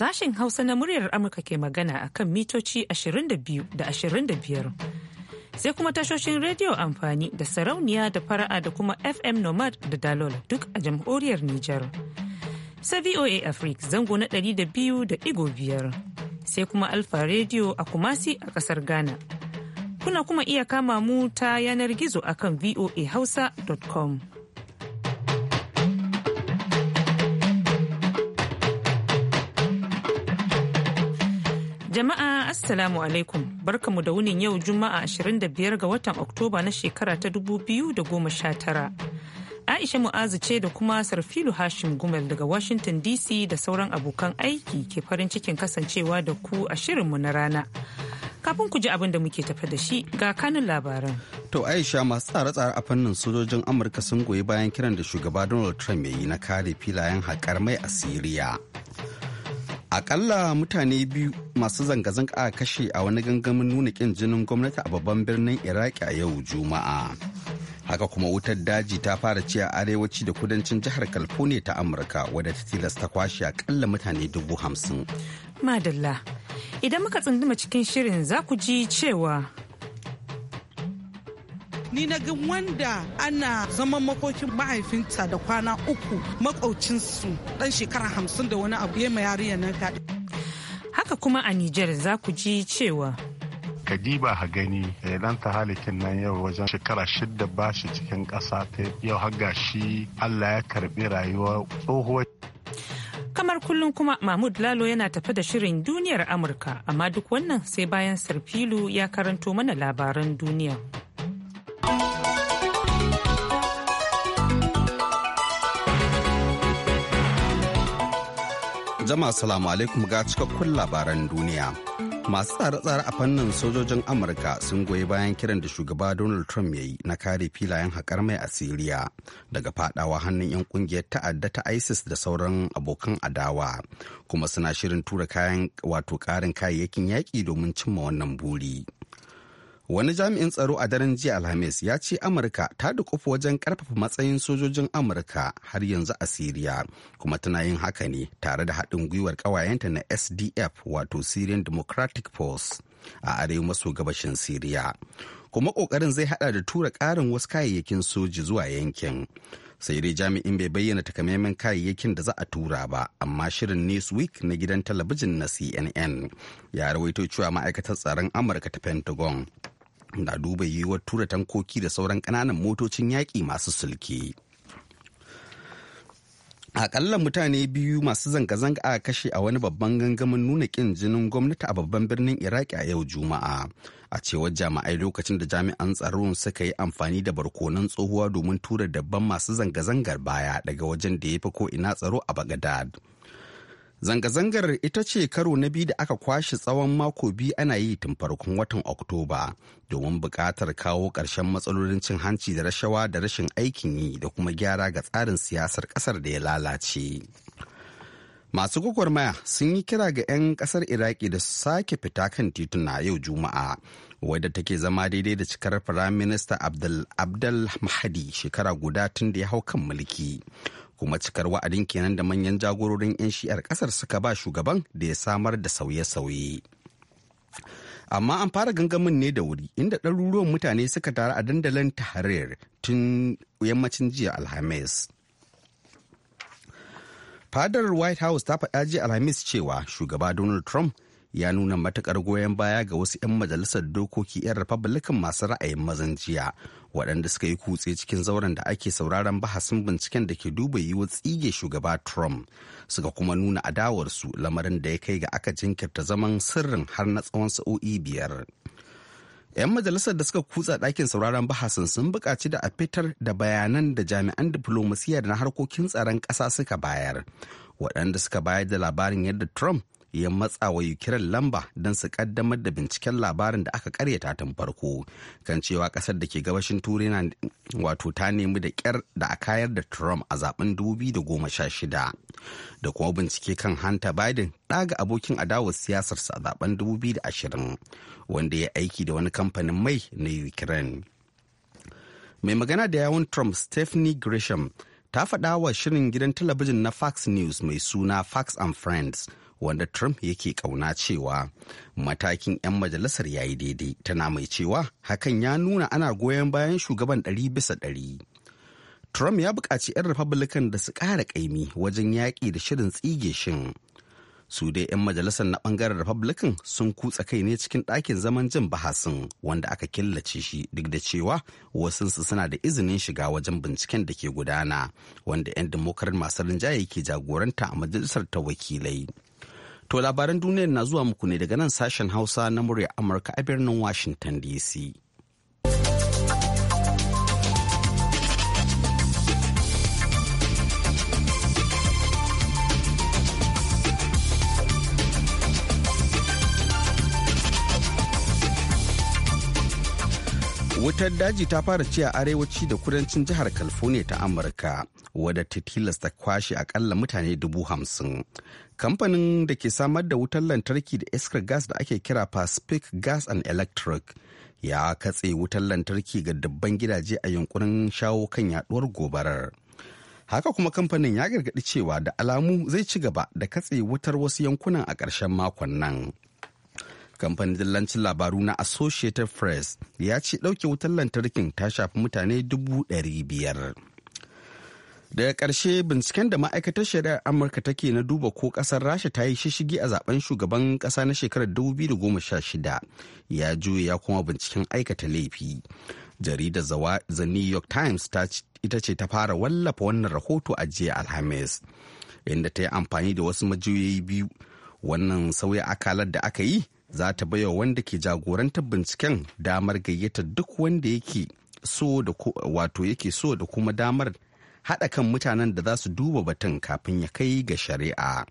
Sashen Hausa na muryar Amurka ke magana a kan mitoci 22 da 25. Sai kuma tashoshin rediyo amfani da sarauniya da fara'a da kuma FM Nomad da Dalol duk a jamhuriyar Nijar. Sai VOA Africa zango na da biyar sai kuma Alfa rediyo a Kumasi a kasar Ghana. Kuna kuma iya kama mu ta yanar gizo akan voahausa.com. Jama'a Assalamu alaikum barkamu da wunin yau Juma'a 25 ga watan Oktoba na shekara ta 2019. Aisha Mu'azu ce da kuma Sarfilu Hashim Gumel daga Washington DC da sauran abokan aiki ke farin cikin kasancewa da ku a mu na rana. Kafin ku ji abin da muke tafa da shi ga kanin labaran. To Aisha masu tsare-tsare a fannin sojojin Amurka sun goyi bayan kiran da shugaba Donald Trump ya yi na kare filayen haƙar mai a Siriya. akalla mutane biyu masu zanga-zanga a kashe a wani gangamin nuna kin jinin gwamnati a babban birnin iraki a yau juma'a haka kuma wutar daji ta fara ci a arewaci da kudancin jihar california ta amurka wadda ta tilasta kwashe akalla mutane dubu hamsin madalla idan muka tsunduma cikin shirin za ku ji cewa ni na ga wanda ana zaman makokin mahaifinta da kwana uku makaucinsu dan shekara hamsin da wani abu ya ma yariya nan kaɗi. Haka kuma a Nijar za ku ji cewa kadiba ha gani dan eh, ta halikin nan yau wajen shekara shidda ba shi cikin ƙasa ta yau har shi Allah ya karbi rayuwa tsohuwa. kamar kullum kuma mahmud lalo yana tafi da shirin duniyar amurka amma duk wannan sai bayan sarfilu ya karanto mana labaran duniya. jama salamu alaikum ga cikakkun labaran duniya. Masu tsare-tsare a fannin sojojin Amurka sun goyi bayan kiran da shugaba Donald Trump ya yi na kare filayen haƙar mai a Siriya daga fadawa hannun 'yan kungiyar ta'adda ta ISIS da sauran abokan adawa kuma suna shirin tura kayan wato ƙarin kayayyakin yaƙi domin cimma wannan buri. Wani jami'in tsaro a daren jiya Alhamis ya ce Amurka ta dukufa wajen karfafa matsayin sojojin Amurka har yanzu a Siriya, kuma tana yin haka ne tare da haɗin gwiwar ƙawayenta na SDF wato Syrian Democratic Force a arewa maso gabashin Siriya. Kuma ƙoƙarin zai haɗa da tura ƙarin wasu kayayyakin soji zuwa yankin. sai dai jami'in bai bayyana takamaiman kayayyakin da za a tura ba amma shirin newsweek na gidan talabijin na cnn ya rawaito cewa ma'aikatar tsaron amurka ta pentagon na duba yiwuwar tura tankoki da sauran ƙananan motocin yaƙi masu sulke. akalla mutane biyu masu zanga-zanga a kashe a wani babban gangamin nuna kin jinin gwamnati a babban birnin iraki a yau juma'a a cewar jami'ai lokacin da jami'an tsaro suka yi amfani da barkonan tsohuwa domin tura dabban masu zanga-zangar baya daga wajen da ya fi ko ina tsaro a bagadad Zanga-zangar ita ce karo na biyu da aka kwashe tsawon mako biyu ana yi tun farkon watan Oktoba domin buƙatar kawo ƙarshen matsalolin cin hanci da rashawa da rashin aikin yi da kuma gyara ga tsarin siyasar ƙasar da ya lalace. Masu gwagwarmaya sun yi kira ga 'yan ƙasar Iraki da su sake fita kan tituna yau Juma'a. wadda take zama daidai da cikar Firaminista Abdul Abdul Mahadi shekara guda tun da ya hau kan mulki. kuma cikar wa'adin kenan da manyan jagororin 'yan shi'ar kasar suka ba shugaban da ya samar da sauye-sauye amma an fara gangamin ne da wuri inda ɗaruruwan mutane suka taru a dandalin tahrir tun yammacin jiya alhamis fadar white house ta faɗa jiya alhamis cewa shugaba donald trump ya nuna matukar goyon baya ga wasu 'yan majalisar dokoki 'yan republican masu ra'ayin mazan jiya waɗanda suka yi kutse cikin zauren da ake sauraron bahasin binciken da ke duba yiwu tsige shugaba trump suka kuma nuna adawarsu lamarin da ya kai ga aka jinkirta zaman sirrin har na tsawon sa'o'i biyar 'yan majalisar da suka kutsa ɗakin sauraron bahasin sun buƙaci da a fitar da bayanan da jami'an diflomasiyya da na harkokin tsaron ƙasa suka bayar waɗanda suka bayar da labarin yadda trump ya matsa wa Ukraine lamba don su kaddamar da binciken labarin da aka karyata tun farko kan cewa kasar da ke gabashin turai na wato ta nemi da kyar da a kayar da Trump a zaben 2016 da kuma bincike kan hanta Biden ɗaga abokin adawar siyasarsa a zaben 2020 wanda ya aiki da wani kamfanin mai na Ukraine. Mai magana da yawun Trump Stephanie gresham ta faɗa wa shirin gidan talabijin na Fox News mai suna Fox and Friends wanda Trump yake kauna cewa matakin 'yan majalisar ya yi daidai tana mai cewa hakan ya nuna ana goyon bayan shugaban ɗari bisa ɗari. Trump ya buƙaci 'yan Republican da su ƙara ƙaimi wajen yaƙi da shirin tsige shin. Su dai 'yan majalisar na ɓangaren Republican sun kutsa kai ne cikin ɗakin zaman jin bahasin wanda aka killace shi duk da cewa wasunsu suna da izinin shiga wajen binciken da ke gudana wanda 'yan Democrat masu rinjaye ke jagoranta a majalisar ta wakilai. To labaran duniyar na zuwa muku ne daga nan sashen Hausa na murya Amurka a birnin Washington DC. wutar daji ta fara ci a arewaci da kudancin jihar california ta amurka wadda ta tilasta kwashe akalla mutane dubu hamsin kamfanin da ke samar da wutar lantarki da iskar gas da ake kira pacific gas and electric ya katse wutar lantarki ga dabban gidaje a yankunan shawo kan yaduwar gobarar haka kuma kamfanin ya gargaɗi cewa da alamu zai ci gaba da katse wutar wasu yankunan a ƙarshen makon nan kamfanin dillancin labaru na associated press ya ce ɗauke wutar lantarkin ta shafi mutane dubu ɗari biyar. daga ƙarshe binciken da ma'aikatar shari'ar amurka take na duba ko ƙasar rasha ta yi shishigi a zaben shugaban ƙasa na shekarar 2016 ya juya ya kuma binciken aikata laifi jaridar the new york times ita ce ta fara wallafa wannan rahoto a jiya alhamis inda ta yi amfani da wasu majiyoyi biyu wannan sauya akalar da aka yi za ta baiwa wanda ke jagorantar binciken damar gayyata duk wanda yake yake so da kuma damar haɗa kan mutanen da za su duba batun kafin ya kai ga shari'a.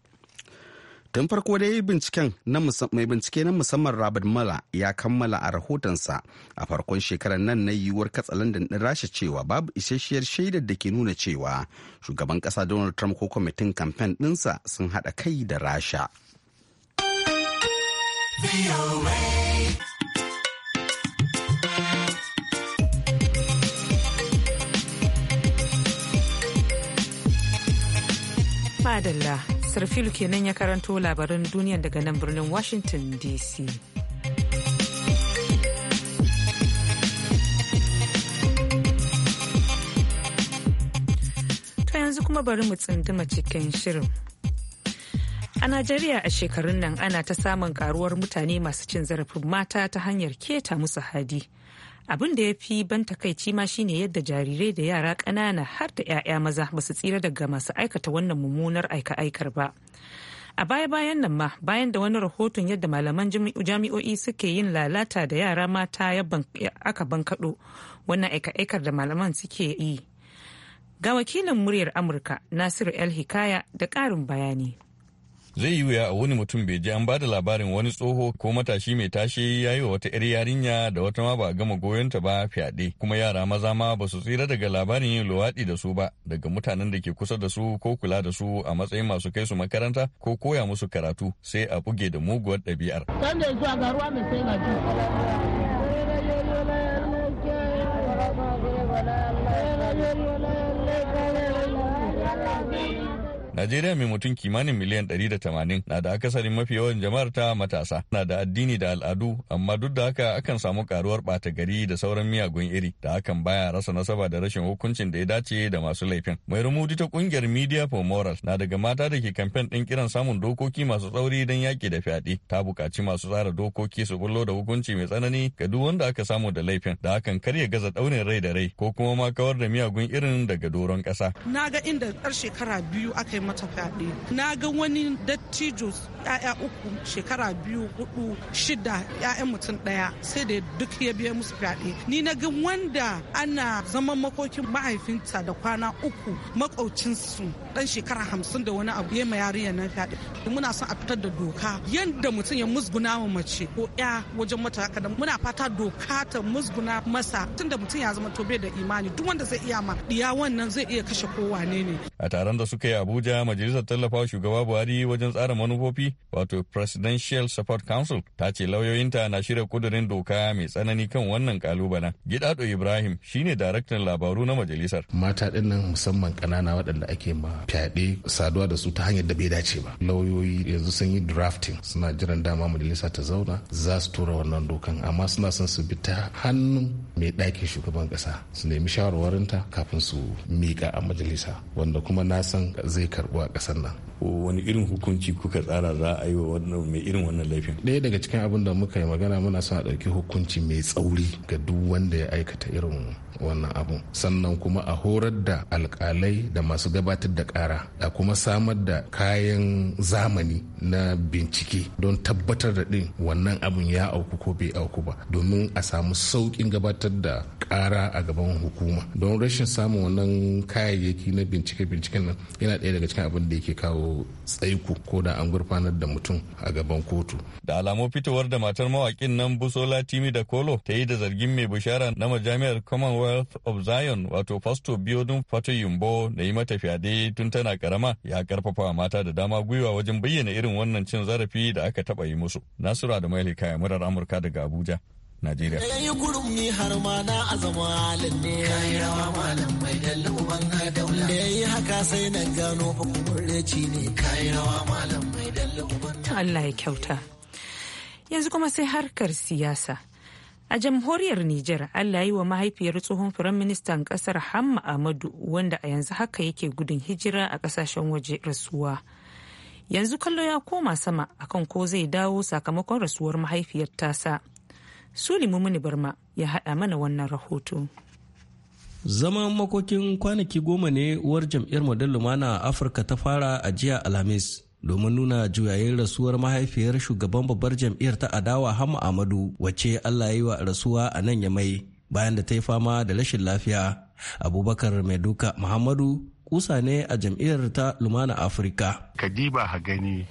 Tun farko da binciken na mai bincike na musamman Robert Mala ya kammala a rahotonsa a farkon shekarar nan na yiwuwar katsalandan ɗin rasha cewa babu isasshiyar shaidar da ke nuna cewa shugaban ƙasa Donald Trump ko kwamitin kamfen ɗinsa sun haɗa kai da rasha. Madalla, Sarfilu kenan ya karanto labaran duniya daga nan birnin Washington DC. To yanzu kuma bari mu tsunduma cikin shirin. A Najeriya a shekarun nan ana ta samun karuwar mutane masu cin zarafin mata ta hanyar keta musu hadi. abin da ya fi ban takaici ma shine yadda jarirai da yara ƙanana har da 'ya'ya maza ba su tsira daga masu aikata wannan mummunar aika-aikar ba a baya-bayan nan ma bayan da wani rahoton yadda malaman jami'o'i suke yin lalata da yara mata aka bankaɗo wannan aika-aikar da malaman suke yi ga wakilin muryar amurka nasiru el hikaya da ƙarin bayani zai yi wuya a wani mutum bai ji an ba da labarin wani tsoho ko matashi mai tashe ya yi wa wata 'yar yarinya da wata ma ba a gama goyon ta ba fyaɗe kuma yara maza ma ba su tsira daga labarin yin luwaɗi da su ba daga mutanen da ke kusa da su ko kula da su a matsayin masu kai su makaranta ko koya musu karatu sai a buge da muguwar ɗabi'ar. Thank you. Najeriya mai mutum kimanin miliyan 180 na da akasarin mafi yawan jama'ar ta matasa na da addini da al'adu amma duk da haka akan samu karuwar bata gari da sauran miyagun iri da hakan baya rasa nasaba da rashin hukuncin da ya dace da masu laifin. Mai rumudi ta kungiyar Media for Moral na daga mata da ke kamfen din kiran samun dokoki masu tsauri don yaki da fyaɗe ta buƙaci masu tsara dokoki su bullo da hukunci mai tsanani ga duk wanda aka samu da laifin da hakan karya ya gaza daunin rai da rai ko kuma ma kawar da miyagun irin daga doron ƙasa. Na ga inda ƙar shekara biyu aka yi mata fyaɗe na ga wani dattijo ya'ya uku shekara biyu hudu shida ya'yan mutum ɗaya sai da duk ya biya musu fyaɗe ni na ga wanda ana zama makokin mahaifinta da kwana uku makaucinsu dan shekara hamsin da wani abu ya ma yariya na fyaɗe muna son a fitar da doka yadda mutum ya musguna wa mace ko ya wajen mata haka da muna fata doka ta musguna masa tunda mutum ya zama tobe da imani duk wanda zai iya ma diya wannan zai iya kashe kowane ne a taron da suka yi abuja Abuja majalisar tallafawa shugaba Buhari wajen tsara manufofi wato Presidential Support Council ta ce lauyoyinta na shirya kudurin doka mai tsanani kan wannan kalubalen. Gidado Ibrahim shine daraktan labaru na majalisar. Mata dinnan musamman kanana waɗanda ake ma fyaɗe saduwa da su ta hanyar da bai dace ba. Lauyoyi yanzu sun yi drafting suna jiran dama majalisa ta zauna za su tura wannan dokan amma suna son su bi ta hannun mai ɗakin shugaban ƙasa su nemi shawarwarinta kafin su miƙa a majalisa wanda kuma na san zai karɓu a ƙasar nan wani irin hukunci kuka tsara za a yi wa mai irin wannan laifin ɗaya daga cikin abin da muka yi magana muna son a ɗauki hukunci mai tsauri ga duk wanda ya aikata irin wannan abun sannan kuma a horar da alkalai da masu gabatar da ƙara a kuma samar da kayan zamani na bincike don tabbatar da ɗin wannan abun ya auku ko bai auku ba domin a samu sauƙin gabatar da ƙara a gaban hukuma don rashin samun wannan kayayyaki na bincike binciken nan yana ɗaya daga cikin abin da yake kawo tsaiku ko da an gurfanar da mutum a gaban kotu. Da alamu fitowar da matar mawakin nan Busola Timi da Kolo ta yi da zargin mai bishara na majami'ar Commonwealth of Zion wato fasto Biodun Fato Yumbo da yi mata fyaɗe tun tana karama ya karfafa mata da dama gwiwa wajen bayyana irin wannan cin zarafi da aka taɓa yi musu. Nasura da Maili Kaya murar Amurka daga Abuja. Najeriya. Ya yi har ma na azama Ka rawa malam mai dalli uban ga Da ya yi haka sai na gano hukumureci ne. Ka yi rawa malam mai dalli uban. Allah ya kyauta. Yanzu kuma sai harkar siyasa. A jamhuriyar Nijar, Allah yi wa mahaifiyar tsohon firaministan kasar Hamma Ahmadu wanda a yanzu haka yake gudun hijira a kasashen waje rasuwa. Yanzu kallo ya koma sama akan ko zai dawo sakamakon rasuwar mahaifiyar tasa. Sulimu Muni Barma ya haɗa mana wannan rahoto. Zaman makokin kwanaki goma ne uwar jam'iyyar Model Lumana Afirka ta fara a jiya Alhamis. domin nuna juyayen rasuwar mahaifiyar shugaban babbar jam'iyyar ta adawa hama amadu wace allah yi wa rasuwa a nan mai, bayan da ta yi fama da rashin lafiya abubakar maiduka muhammadu kusa ne a jam'iyyar ta lumana afirka kadiba hagani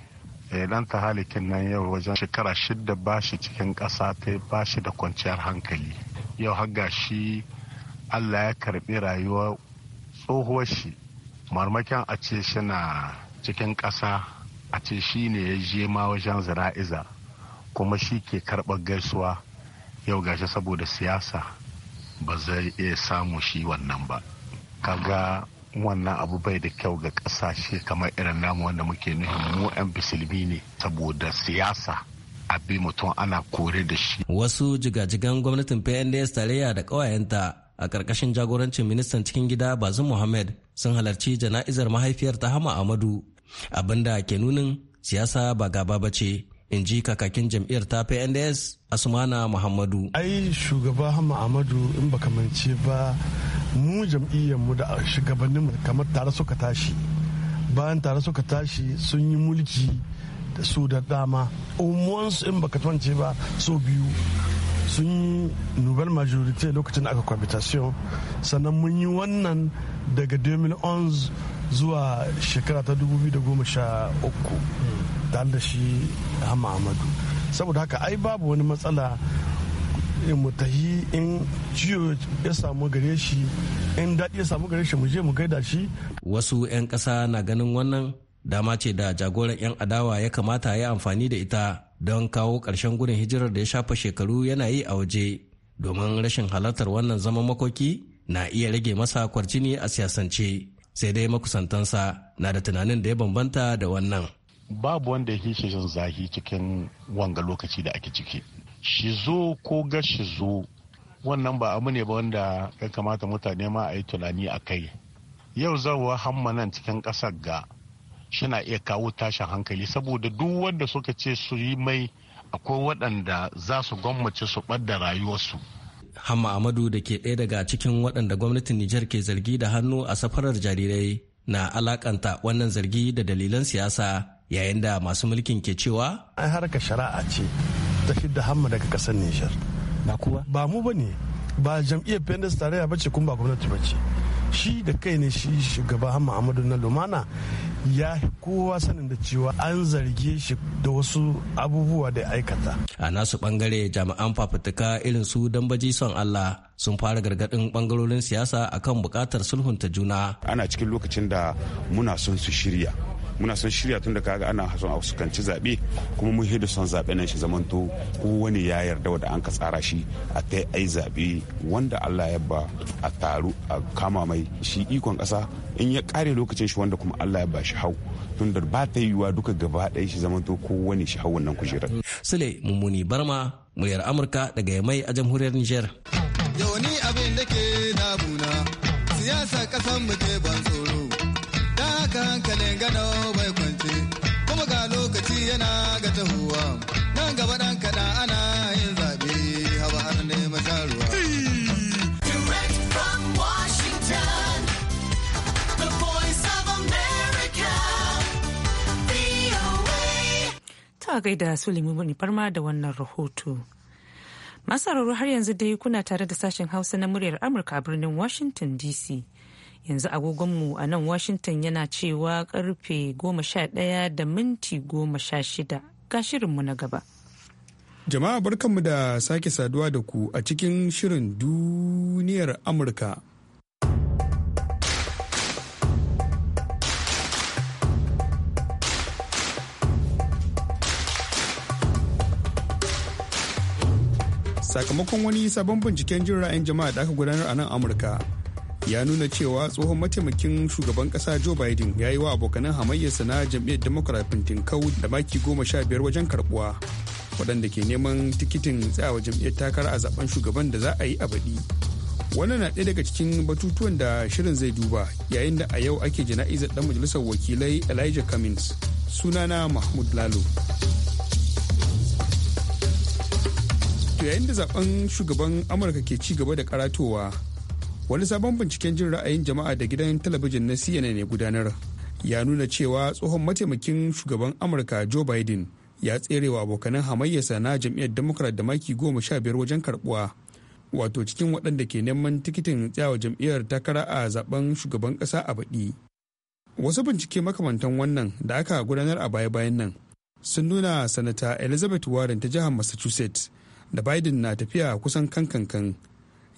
Eh, dan ta halikin nan yau wajen shekara shida ba shi cikin ƙasa ta ba shi da kwanciyar hankali yau har shi allah ya karbi rayuwa tsohuwar shi marmakin a ce shi cikin ƙasa a ce shi ne ya je ma wajen zira'iza kuma shi ke karɓar gaisuwa yau gashi saboda siyasa ba zai iya samu shi wannan ba kaga wannan abu bai da kyau ga kasashe kamar irin namu wanda muke nuhin mu 'yan bisilmi ne saboda siyasa abi mutum ana kore da shi wasu jigajigan gwamnatin pnds tarayya da ƙawayenta a ƙarƙashin jagorancin ministan cikin gida bazin muhammad sun halarci jana'izar mahaifiyar ta hama amadu abinda ke nunin siyasa ba gaba ba ce in ji kakakin jam'iyyar ta pnds Asumana muhammadu ai shugaba hama amadu in baka mance ba mu jam'iyyarmu da shugabanninmu kamar tare suka tashi bayan tare suka tashi sun yi mulki da su da dama umuwansu in baka tance ba so biyu sun yi nouvelle majorité lokacin aka cohabitation sannan mun yi wannan daga 2011 zuwa shekara ta 2013 tare da shi hama amadu saboda haka ai babu wani matsala Eh, mu tahi in ciwo ya samu gare shi in daɗi ya samu gare shi mu je mu gaida shi wasu 'yan ƙasa na ganin wannan dama ce da jagoran 'yan adawa ya kamata ya amfani da ita don kawo ƙarshen gudun hijirar da ya shafa shekaru yana yi a waje domin rashin halartar wannan zaman makoki na iya rage masa kwarjini a siyasance sai dai makusantansa na da tunanin da ya bambanta da wannan babu wanda ya shi zahi cikin wanga lokaci da ake ciki Shizo ko ga shizo wannan ba abu ne ba wanda ya kamata mutane ma a yi tunani a kai yau zawa hammanan cikin ƙasar ga shina iya kawo tashin hankali saboda duk wanda suka ce su yi mai akwai waɗanda za su gwammace su ɓadda rayuwarsu hamma amadu da ke ɗaya daga cikin waɗanda gwamnatin nijar ke zargi da hannu a safarar jarirai na alakanta wannan zargi da dalilan siyasa yayin da masu mulkin ke cewa an harka shari'a ce ta da hamma daga kasar Nijar. Ba kuwa? Ba mu ba ne. Ba jam'iyyar PNDS tarayya ba ce kuma ba gwamnati ba ce. Shi da kai ne shi shugaba Hamma Ahmadu na Lumana ya kowa sanin da cewa an zarge shi da wasu abubuwa da aikata. A nasu bangare jami'an fafutuka irin su dambaji son Allah sun fara gargadin bangarorin siyasa akan bukatar sulhunta juna. Ana cikin lokacin da muna son su shirya muna son shirya tun da kaga ana son a fuskanci zaɓe kuma mun hidu son zaɓe nan shi zamanto ko wani ya yarda wanda an ka tsara shi a ta ai zaɓe wanda Allah ya ba a taru a kama mai shi ikon ƙasa in ya kare lokacin shi wanda kuma Allah ya ba shi hau tun da ba ta yiwuwa duka gaba ɗaya shi zamanto ko wani shi hau wannan kujerar. Sule Mummuni Barma muyar Amurka daga Yamai a jamhuriyar Nijar. Yawani abin da ke damuna siyasa ƙasar mu ke ban tsoro. haka hankalin gano bai kwance kuma ga lokaci yana ga tahuwa nan gaba dan kaɗa ana yin zabe haba har ne masaruwa. Ta gaida Suleiman Barma da wannan rahoto. Masararru har yanzu dai kuna tare da sashen Hausa na muryar Amurka a birnin Washington DC. yanzu agogonmu a nan washington yana cewa karfe 11 da minti 16 ga shirinmu na gaba jama'a barkanmu da sake saduwa da ku a cikin shirin duniyar amurka sakamakon wani sabon binciken jin ra'ayin jama'a da aka gudanar a nan amurka ya nuna cewa tsohon mataimakin shugaban kasa joe biden ya yi wa abokanan hamayyarsa na jam'iyyar democrat kau da maki goma sha biyar wajen karbuwa waɗanda ke neman tikitin tsayawa jam'iyyar takara a zaben shugaban da za a yi a baɗi wannan na ɗaya daga cikin batutuwan da shirin zai duba yayin da a yau ake jana'izar ɗan majalisar wakilai elijah cummins sunana mahmud lalo to yayin da zaben shugaban amurka ke ci gaba da karatowa wani sabon binciken jin ra'ayin jama'a da gidan talabijin na cnn ne gudanar ya nuna cewa tsohon mataimakin shugaban amurka joe biden ya tserewa abokanan hamayyarsa na jam'iyyar democrat da maki goma sha biyar wajen karbuwa wato cikin waɗanda ke neman tikitin tsayawa jam'iyyar takara a zaben shugaban ƙasa a baɗi wasu bincike makamantan wannan da aka gudanar a baya-bayan nan sun nuna sanata elizabeth warren ta jihar massachusetts da biden na tafiya kusan kankan.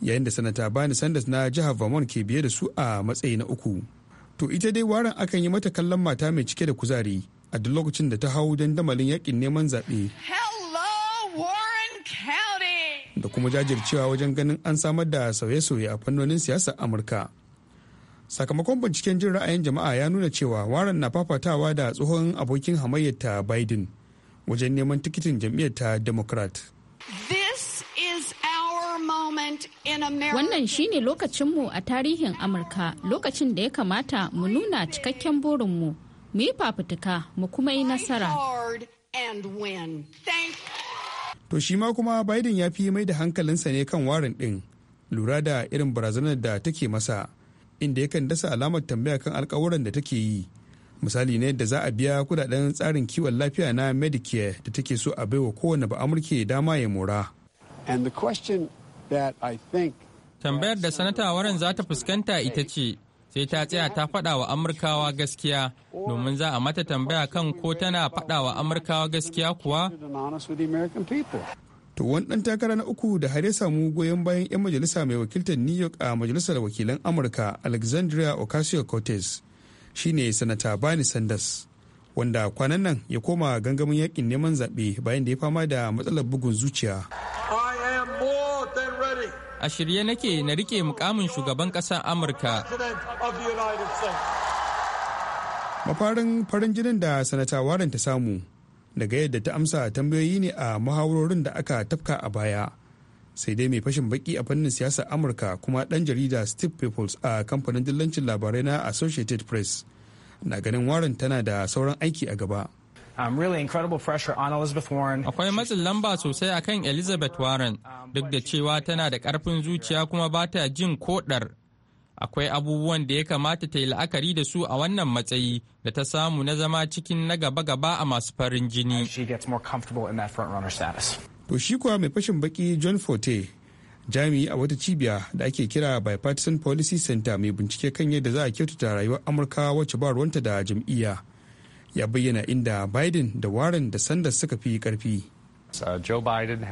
yayin da sanata bani sanders na jihar vermont ke biye da su a matsayi na uku to ita dai waran akan yi mata kallon mata mai cike da kuzari a duk lokacin da ta hau dandamalin yakin neman zaɓe da kuma jajircewa wajen ganin an samar da sauye-sauye a fannonin siyasar amurka sakamakon binciken jin ra'ayin jama'a ya nuna cewa waran na fafatawa da tsohon abokin hamayyar biden wajen neman tikitin jam'iyyar ta democrat This Wannan shine lokacinmu a tarihin Amurka lokacin da ya kamata mu nuna cikakken burinmu, mu yi fafutuka mu kuma yi nasara. To shi ma kuma Biden ya fi mai da hankalinsa ne kan warin ɗin, lura da irin barazanar da take masa, inda yakan dasa alamar tambaya kan alkawuran da take yi. misali ne da za a biya kudaden tsarin kiwon lafiya na medicare da take so a baiwa kowane ba amurke dama ya mora Tambayar da Sanata Warren za ta fuskanta ita ce, sai ta tsaya ta faɗa wa Amurkawa gaskiya domin za a mata tambaya kan ko tana faɗa wa Amurkawa gaskiya kuwa? To wani ɗan takara na uku da har ya samu goyon bayan 'yan majalisa mai wakiltar New York a majalisar wakilan Amurka Alexandria Ocasio-Cortez shine Sanata bani Sanders. wanda kwanan nan ya koma gangamin yakin neman zaɓe bayan da ya fama da matsalar bugun zuciya. a shirye nake na rike mukamin shugaban ƙasar amurka mafarin farin jinin da sanata warren ta samu daga yadda ta amsa tambayoyi ne a muhawarorin da aka tafka a baya sai dai mai fashin baki a fannin siyasar amurka kuma dan jarida steve peoples a kamfanin dillancin labarai na associated press na ganin warren tana da sauran aiki a gaba Um, Akwai matsin lamba sosai akan Elizabeth Warren duk da cewa tana da karfin zuciya kuma ba ta jin koɗar. Akwai abubuwan da ya kamata ta yi la'akari da su a wannan matsayi da ta samu na zama cikin na gaba-gaba a masu farin jini. To shi kuwa mai fashin baki John Forte jami'i a wata cibiya da ake kira bipartisan policy center mai bincike kan yadda za a kyautata rayuwar amurka wacce ba ruwanta da jam'iyya ya bayyana inda Biden da Warren da Sanders suka fi karfi. Uh, uh, Joe Biden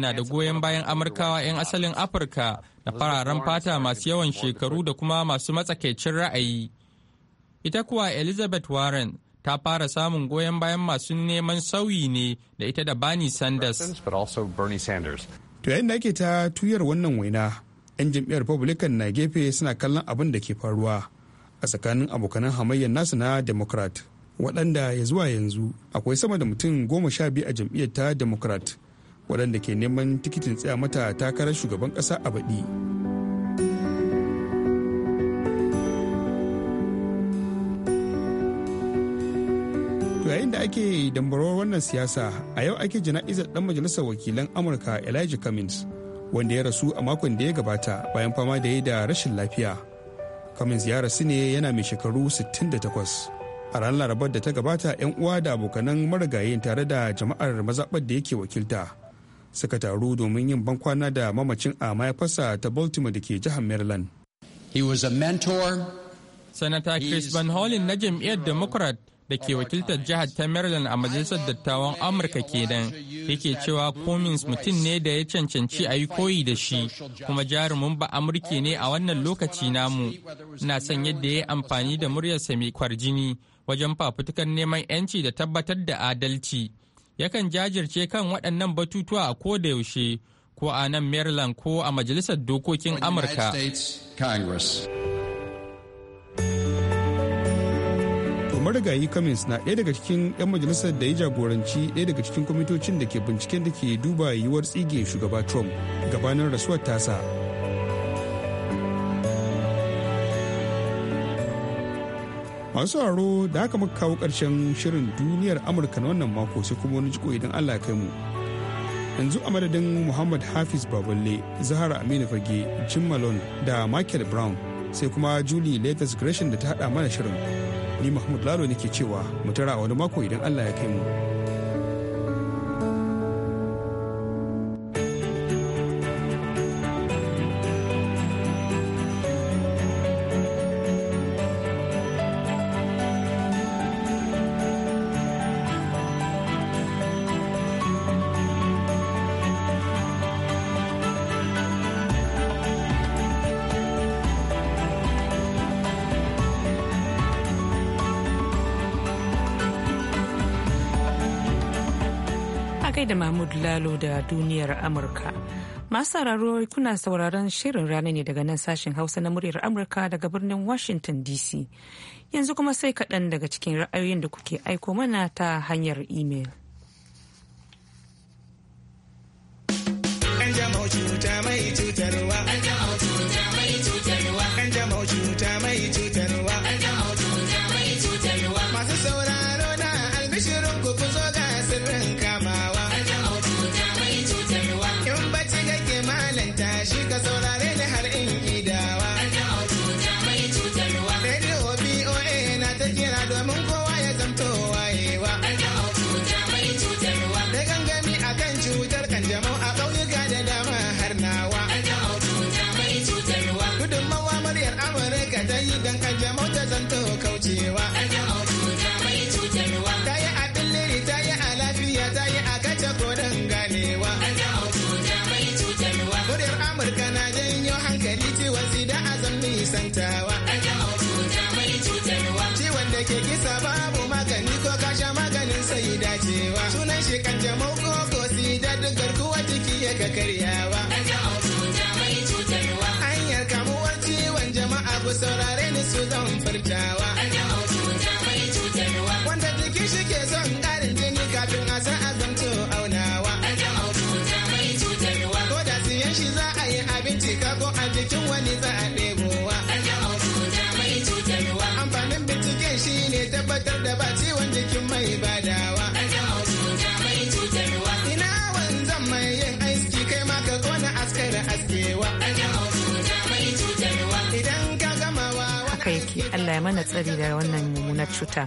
na da goyon bayan Amurkawa 'yan asalin Afirka da fararen fata masu yawan shekaru da kuma masu matsakaicin ra'ayi. Ita kuwa Elizabeth Warren ta fara samun goyon bayan masu neman sauyi ne da ita da Bernie Sanders. To yayin da ake ta tuyar wannan waina, 'yan jam'iyyar Republican na gefe suna kallon abin da ke faruwa. a tsakanin abokanan hamayyar nasu na democrat waɗanda ya zuwa yanzu akwai sama da mutum goma sha biyu a jam'iyyar ta democrat waɗanda ke neman tikitin tsaya mata takarar shugaban ƙasa a baɗi. yayin da ake dambarwar wannan siyasa a yau ake jana'izar dan majalisar wakilan Amurka Elijah cummins wanda ya rasu a makon da ya gabata bayan fama da ya da rashin lafiya. Cummins ya rasu ne yana mai shekaru 68. A ranar Larabar da ta gabata 'yan uwa da abokanan marigayen tare da jama'ar mazaɓar da yake wakilta suka taru domin yin bankwana da mamacin a mahaifarsa ta Baltimore da ke jihar Maryland. He was a mentor. Sanata Chris Van Hollen na jam'iyyar Democrat da ke wakiltar jihar ta Maryland a majalisar dattawan Amurka kenan yake cewa Cummings mutum ne da ya cancanci a yi koyi da shi kuma jarumin ba Amurke ne a wannan lokaci namu. na son yadda ya yi amfani da muryarsa mai kwarjini wajen fafutukar neman 'yanci da tabbatar da adalci. Yakan jajirce kan waɗannan batutuwa a ko da yaushe ko a nan Maryland ko a majalisar dokokin Amurka. marigayi cummins na ɗaya daga cikin 'yan majalisar da ya jagoranci ɗaya daga cikin kwamitocin da ke binciken da ke duba yiwuwar tsige shugaba trump gabanin rasuwar tasa masu sauraro da aka muka kawo ƙarshen shirin duniyar amurka na wannan mako sai kuma wani jiko idan allah kai mu yanzu a madadin muhammad hafiz baballe zahara aminu fage jim malone da michael brown sai kuma julie latest gresham da ta hada mana shirin ni mahmud lalo nake cewa mu tara a wani mako idan allah ya kai mu Lalo da duniyar Amurka. Masu sauraro kuna sauraron shirin rana ne daga nan sashen Hausa na muryar Amurka daga birnin Washington DC. Yanzu kuma sai kaɗan daga cikin ra'ayoyin da kuke aiko mana ta hanyar imel. mai cutarwa. santawa ciwon da ke kisa babu magani ko kasha maganin sai dacewa sunan shi kan jama'u ko ko sida duk garkuwa jiki ya ga karyawa hanyar kamuwar ciwon jama'a ku saurare ni su zan furtawa wanda jiki shi ke son karin jini kafin a san azamto aunawa ko da siyan shi za a yi abinci kako a jikin wani za a Allah ya mana tsari da wannan mummunar cuta.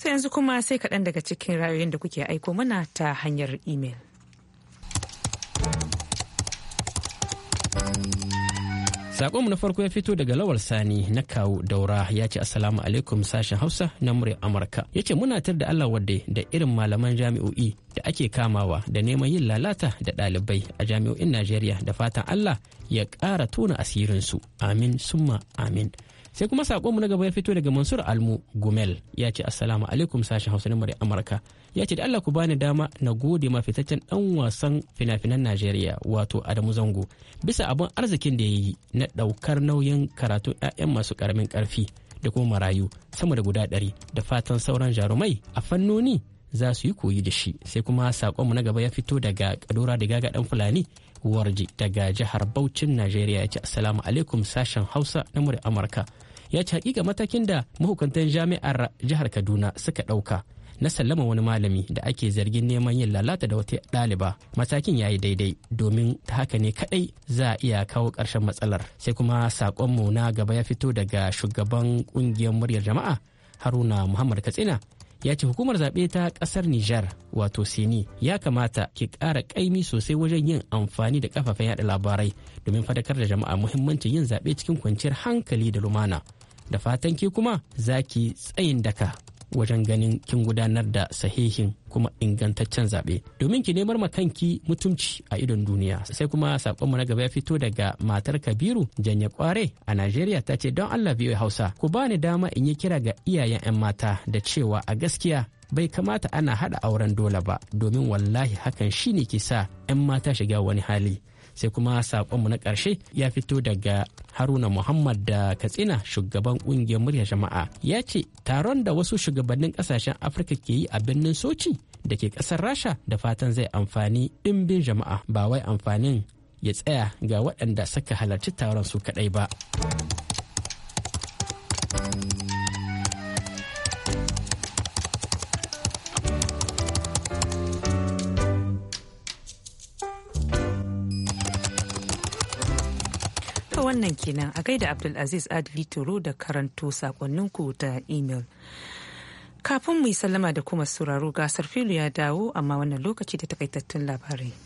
Sai yanzu kuma sai kaɗan daga cikin ra'ayoyin da kuke aiko mana ta hanyar imel. Sakonmu na farko ya fito daga Lawal Sani na kawo daura ya ce Assalamu alaikum sashen Hausa na murya Amurka. Ya ce muna tar da Allah wadde da irin malaman jami'o'i da ake kamawa da neman yin lalata da ɗalibai a jami'o'in Najeriya da fatan Allah ya ƙara tona asirinsu. Amin summa amin. sai kuma sakonmu na gaba ya fito daga mansur almu gumel ya ce assalamu alaikum sashen hausa na murya amurka ya ce da allah ku bani dama na gode ma fitaccen dan wasan fina-finan najeriya wato adamu zango bisa abin arzikin da ya yi na daukar nauyin karatu 'ya'yan masu karamin karfi da kuma marayu sama da guda ɗari da fatan sauran jarumai a fannoni za su yi koyi da shi sai kuma sakonmu na gaba ya fito daga kadora da gaga dan fulani warji daga jihar Bauchin Najeriya ya ce Assalamu alaikum sashen Hausa na murya Amurka. ya ci hakika matakin da mahukuntan jami'ar jihar kaduna suka ɗauka na sallama wani malami da ake zargin neman yin lalata da wata ɗaliba matakin ya yi daidai domin ta haka ne kaɗai za a iya kawo ƙarshen matsalar sai kuma saƙonmu na gaba ya fito daga shugaban ƙungiyar muryar jama'a haruna muhammad katsina ya ce hukumar zaɓe ta ƙasar Nijar wato Sini ya kamata ki ƙara ƙaimi sosai wajen yin amfani da kafafen yaɗa labarai domin fadakar da jama'a muhimmancin yin zaɓe cikin kwanciyar hankali da lumana. da fatan ki kuma za ki tsayin daka wajen ganin kin gudanar da sahihin kuma ingantaccen zaɓe domin ki nemar kanki mutumci a idon duniya sai kuma saƙonmu na gaba ya fito daga matar kabiru janye kware a najeriya ta ce don allah biyu hausa ku bani dama in yi kira ga iyayen 'yan mata da cewa a gaskiya bai kamata ana hada auren dole ba domin wallahi hakan shine ke sa 'yan mata shiga wani hali sai kuma saƙonmu na ƙarshe ya fito daga haruna muhammad da katsina shugaban ƙungiyar murya jama'a ya ce taron da wasu shugabannin ƙasashen afirka ke yi a birnin soci da ke ƙasar rasha da fatan zai amfani ɗimbin jama'a ba wai amfanin ya tsaya ga waɗanda suka halarci taron su kaɗai ba. wannan kenan a gaida Abdulaziz Adli Turo da karanto sakonninku da email. Kafin mu yi sallama da kuma sauraro gasar filu ya dawo amma wannan lokaci da takaitattun labarai.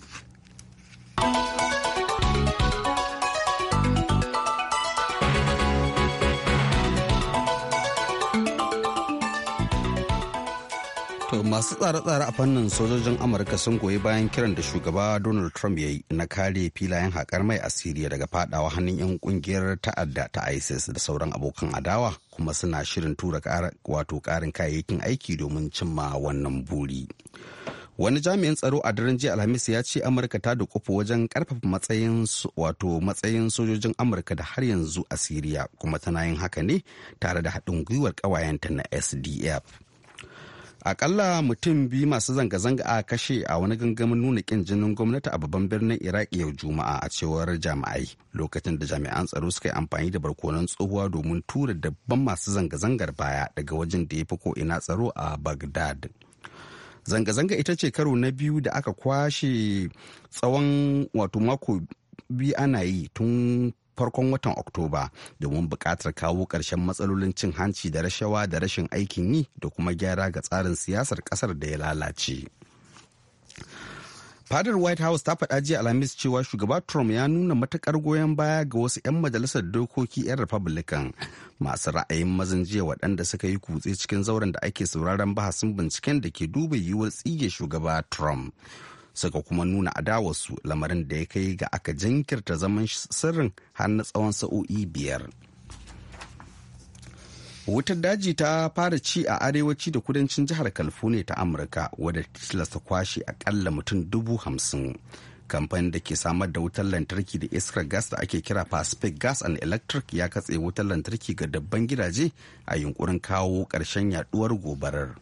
masu tsare-tsare a fannin sojojin amurka sun goyi bayan kiran da shugaba donald trump ya yi na kare filayen haƙar mai a siriya daga fadawa hannun 'yan kungiyar ta'adda ta isis da sauran abokan adawa kuma suna shirin tura wato karin kayayyakin aiki domin cimma wannan buri wani jami'in tsaro a daren jiya alhamis ya ce amurka ta kofa wajen karfafa matsayin wato matsayin sojojin amurka da har yanzu a siriya kuma tana yin haka ne tare da haɗin gwiwar ƙawayenta na sdf akalla mutum biyu masu zanga-zanga a kashe a wani gangamin nuna kin jinin gwamnati a babban birnin iraki yau juma'a a cewar jami'ai lokacin da jami'an tsaro suka yi amfani da barkonon tsohuwa domin tura dabban masu zanga-zangar baya daga wajen da ya fi ko'ina tsaro a bagdad zanga-zanga ita ce karo na biyu da aka kwashe tsawon wato mako biyu ana yi tun farkon watan oktoba domin buƙatar kawo ƙarshen matsalolin cin hanci da rashawa da rashin aikin yi da kuma gyara ga tsarin siyasar ƙasar da ya lalace fadar white house ta faɗa jiya alhamis cewa shugaba trump ya nuna matukar goyon baya ga wasu 'yan majalisar dokoki 'yan republican masu ra'ayin mazan jiya waɗanda suka yi kutse cikin zauren da ake sauraron bahasin binciken da ke duba yiwuwar tsige shugaba trump suka kuma nuna adawarsu lamarin da ya kai ga aka jinkirta zaman sirrin har na tsawon sa'o'i biyar wutar daji ta fara ci a arewaci da kudancin jihar california ta amurka wadda tilasta kwashe akalla mutum dubu hamsin kamfanin da ke samar da wutar lantarki da iskar gas da ake kira pacific gas and electric ya katse wutar lantarki ga dabban gidaje a yunkurin kawo ƙarshen yaduwar gobarar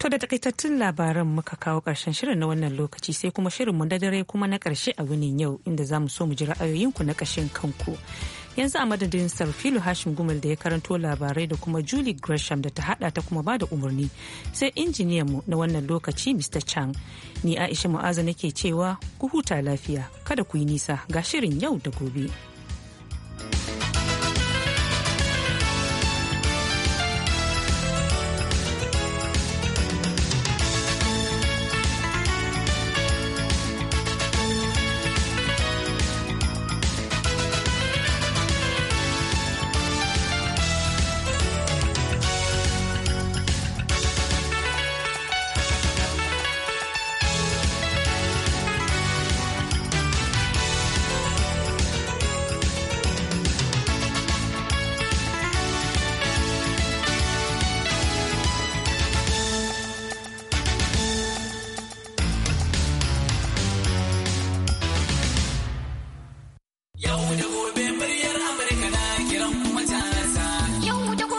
To da takaitattun labaran muka kawo karshen shirin na wannan lokaci sai kuma shirinmu na dare kuma na karshe a wunin yau inda zamu so mu ji ra'ayoyinku na kashin kanku. Yanzu a madadin Sarfilu Hashim Gumal da ya karanto labarai da kuma Julie Gresham da ta hada ta kuma bada umarni sai injiniyan mu na wannan lokaci Mr. Chang. Ni Aisha Mu'aza nake cewa ku huta lafiya kada ku yi nisa ga shirin yau da gobe.